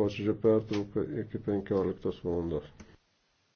posėdžio pertrauką iki 15 valandos.